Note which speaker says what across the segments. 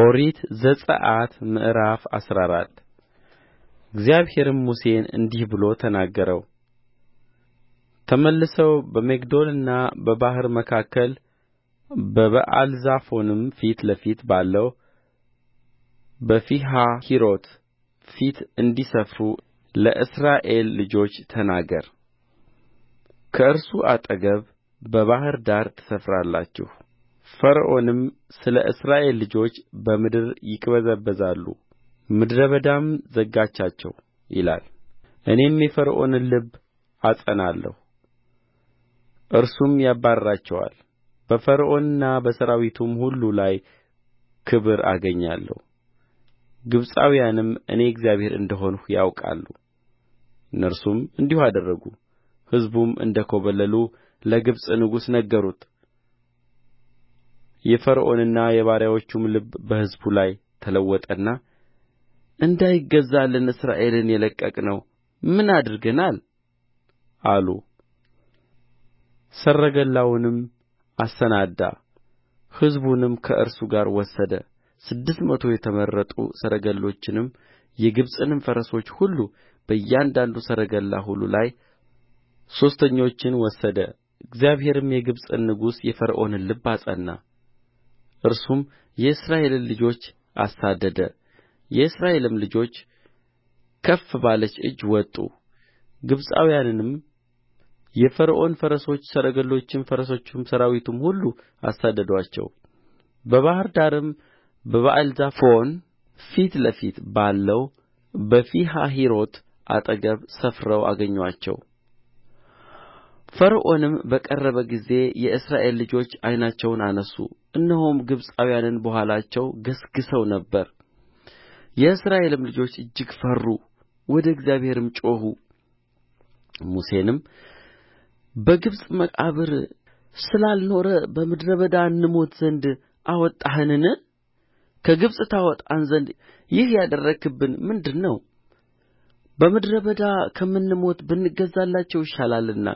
Speaker 1: ኦሪት ዘጽአት ምዕራፍ አስራ አራት እግዚአብሔርም ሙሴን እንዲህ ብሎ ተናገረው ተመልሰው በሚግዶልና በባሕር መካከል በበኣልዛፎንም ፊት ለፊት ባለው በፊሀሒሮት ፊት እንዲሰፍሩ ለእስራኤል ልጆች ተናገር ከእርሱ አጠገብ በባሕር ዳር ትሰፍራላችሁ ፈርዖንም ስለ እስራኤል ልጆች በምድር ይቅበዘበዛሉ ምድረ በዳም ዘጋቻቸው ይላል እኔም የፈርዖንን ልብ አጸናለሁ እርሱም ያባርራቸዋል በፈርዖንና በሠራዊቱም ሁሉ ላይ ክብር አገኛለሁ ግብፃውያንም እኔ እግዚአብሔር እንደ ሆንሁ ያውቃሉ እነርሱም እንዲሁ አደረጉ ሕዝቡም እንደ ኰበለሉ ለግብፅ ንጉሥ ነገሩት የፈርዖንና የባሪያዎቹም ልብ በሕዝቡ ላይ ተለወጠና እንዳይገዛልን እስራኤልን የለቀቅነው ምን አድርገናል አሉ ሰረገላውንም አሰናዳ ሕዝቡንም ከእርሱ ጋር ወሰደ ስድስት መቶ የተመረጡ ሰረገሎችንም የግብፅንም ፈረሶች ሁሉ በእያንዳንዱ ሰረገላ ሁሉ ላይ ሦስተኞችን ወሰደ እግዚአብሔርም የግብፅን ንጉሥ የፈርዖንን ልብ አጸና እርሱም የእስራኤልን ልጆች አሳደደ የእስራኤልም ልጆች ከፍ ባለች እጅ ወጡ ግብፃውያንንም የፈርዖን ፈረሶች ሰረገሎችም ፈረሶቹም ሠራዊቱም ሁሉ አሳደዱአቸው በባሕር ዳርም በበኣልዛፎን ፊት ለፊት ባለው በፊሀሒሮት አጠገብ ሰፍረው አገኙአቸው ፈርዖንም በቀረበ ጊዜ የእስራኤል ልጆች ዓይናቸውን አነሡ እነሆም ግብፃውያን በኋላቸው ገስግሰው ነበር የእስራኤልም ልጆች እጅግ ፈሩ ወደ እግዚአብሔርም ጮኹ ሙሴንም በግብፅ መቃብር ስላልኖረ በምድረ በዳ እንሞት ዘንድ አወጣኸንን ከግብፅ ታወጣን ዘንድ ይህ ያደረግህብን ምንድር ነው በምድረ በዳ ከምንሞት ብንገዛላቸው ይሻላልና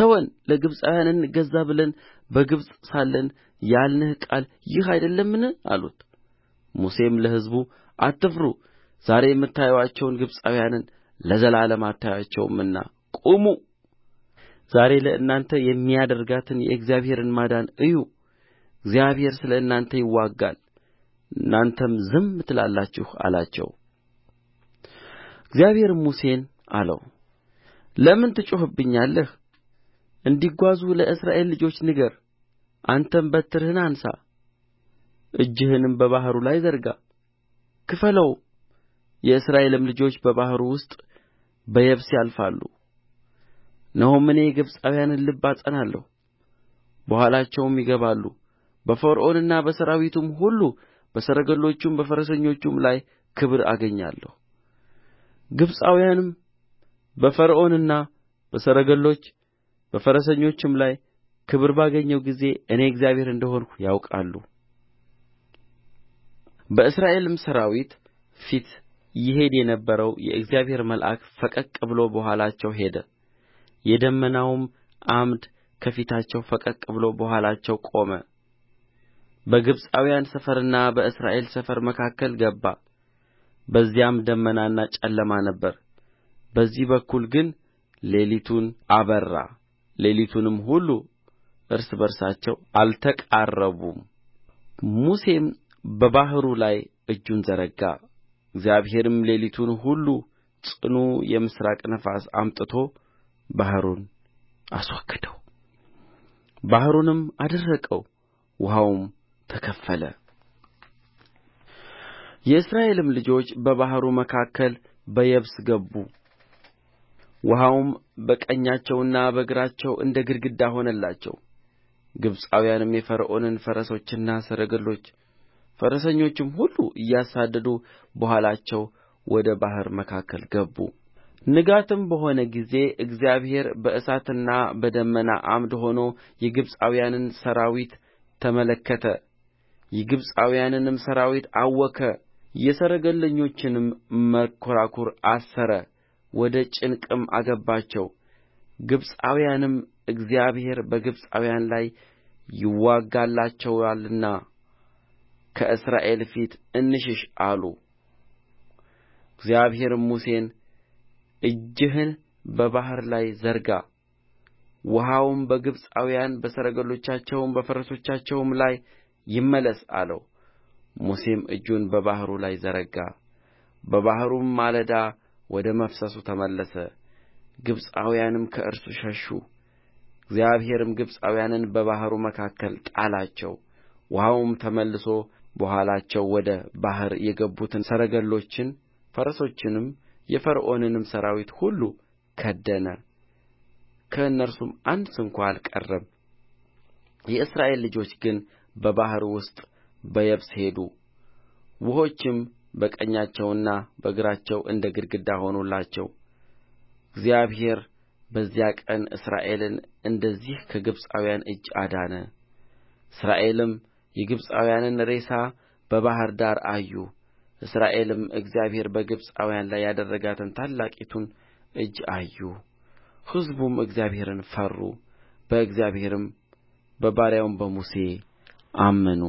Speaker 1: ተወን ለግብፃውያን እንገዛ ብለን በግብፅ ሳለን ያልንህ ቃል ይህ አይደለምን አሉት ሙሴም ለሕዝቡ አትፍሩ ዛሬ የምታዩአቸውን ግብፃውያንን ለዘላለም አታዩአቸውምና ቁሙ ዛሬ ለእናንተ የሚያደርጋትን የእግዚአብሔርን ማዳን እዩ እግዚአብሔር ስለ እናንተ ይዋጋል እናንተም ዝም ትላላችሁ አላቸው እግዚአብሔርም ሙሴን አለው ለምን ትጮኽብኛለህ እንዲጓዙ ለእስራኤል ልጆች ንገር አንተም በትርህን አንሣ እጅህንም በባሕሩ ላይ ዘርጋ ክፈለው የእስራኤልም ልጆች በባሕሩ ውስጥ በየብስ ያልፋሉ እነሆም እኔ የግብፃውያንን ልብ አጸናለሁ በኋላቸውም ይገባሉ በፈርዖንና በሠራዊቱም ሁሉ በሰረገሎቹም በፈረሰኞቹም ላይ ክብር አገኛለሁ ግብፃውያንም በፈርዖንና በሰረገሎች በፈረሰኞችም ላይ ክብር ባገኘሁ ጊዜ እኔ እግዚአብሔር እንደ ሆንሁ ያውቃሉ በእስራኤልም ሠራዊት ፊት ይሄድ የነበረው የእግዚአብሔር መልአክ ፈቀቅ ብሎ በኋላቸው ሄደ የደመናውም ዓምድ ከፊታቸው ፈቀቅ ብሎ በኋላቸው ቆመ በግብፃውያን ሰፈርና በእስራኤል ሰፈር መካከል ገባ በዚያም ደመናና ጨለማ ነበረ በዚህ በኩል ግን ሌሊቱን አበራ ሌሊቱንም ሁሉ እርስ በርሳቸው አልተቃረቡም ሙሴም በባሕሩ ላይ እጁን ዘረጋ እግዚአብሔርም ሌሊቱን ሁሉ ጽኑ የምሥራቅ ነፋስ አምጥቶ ባሕሩን አስወገደው ባሕሩንም አደረቀው ውኃውም ተከፈለ የእስራኤልም ልጆች በባሕሩ መካከል በየብስ ገቡ ውኃውም በቀኛቸውና በግራቸው እንደ ግድግዳ ሆነላቸው ግብፃውያንም የፈርዖንን ፈረሶችና ሰረገሎች ፈረሰኞችም ሁሉ እያሳደዱ በኋላቸው ወደ ባሕር መካከል ገቡ ንጋትም በሆነ ጊዜ እግዚአብሔር በእሳትና በደመና ዓምድ ሆኖ የግብፃውያንን ሠራዊት ተመለከተ የግብፃውያንንም ሠራዊት አወከ የሰረገሎቹንም መንኰራኵር አሰረ ወደ ጭንቅም አገባቸው ግብፃውያንም እግዚአብሔር በግብፃውያን ላይ ይዋጋላቸዋልና ከእስራኤል ፊት እንሽሽ አሉ እግዚአብሔርም ሙሴን እጅህን በባሕር ላይ ዘርጋ ውኃውም በግብፃውያን በሰረገሎቻቸውም በፈረሶቻቸውም ላይ ይመለስ አለው ሙሴም እጁን በባሕሩ ላይ ዘረጋ በባሕሩም ማለዳ ወደ መፍሰሱ ተመለሰ ግብፃውያንም ከእርሱ ሸሹ እግዚአብሔርም ግብፃውያንን በባሕሩ መካከል ጣላቸው ውኃውም ተመልሶ በኋላቸው ወደ ባሕር የገቡትን ሰረገሎችን ፈረሶችንም የፈርዖንንም ሠራዊት ሁሉ ከደነ ከእነርሱም አንድ ስንኳ አልቀረም የእስራኤል ልጆች ግን በባሕር ውስጥ በየብስ ሄዱ ውኆችም በቀኛቸውና በግራቸው እንደ ግድግዳ ሆኑላቸው እግዚአብሔር በዚያ ቀን እስራኤልን እንደዚህ ከግብፃውያን እጅ አዳነ እስራኤልም የግብፃውያንን ሬሳ በባሕር ዳር አዩ እስራኤልም እግዚአብሔር በግብፃውያን ላይ ያደረጋትን ታላቂቱን እጅ አዩ ሕዝቡም እግዚአብሔርን ፈሩ በእግዚአብሔርም በባሪያውም በሙሴ አመኑ